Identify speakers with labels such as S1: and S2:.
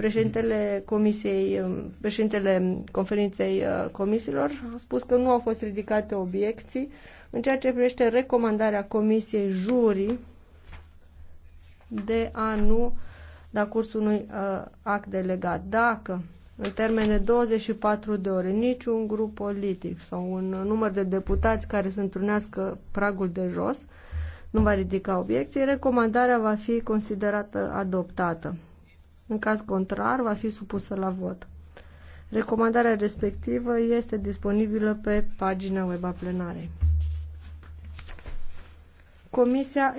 S1: Președintele Comisiei, um, președintele conferinței uh, comisiilor a spus că nu au fost ridicate obiecții în ceea ce privește recomandarea Comisiei juri de a nu da curs unui uh, act delegat. Dacă în termen de 24 de ore niciun grup politic sau un număr de deputați care să întrunească pragul de jos nu va ridica obiecții, recomandarea va fi considerată adoptată. În caz contrar, va fi supusă la vot. Recomandarea respectivă este disponibilă pe pagina web a plenarei.
S2: Comisia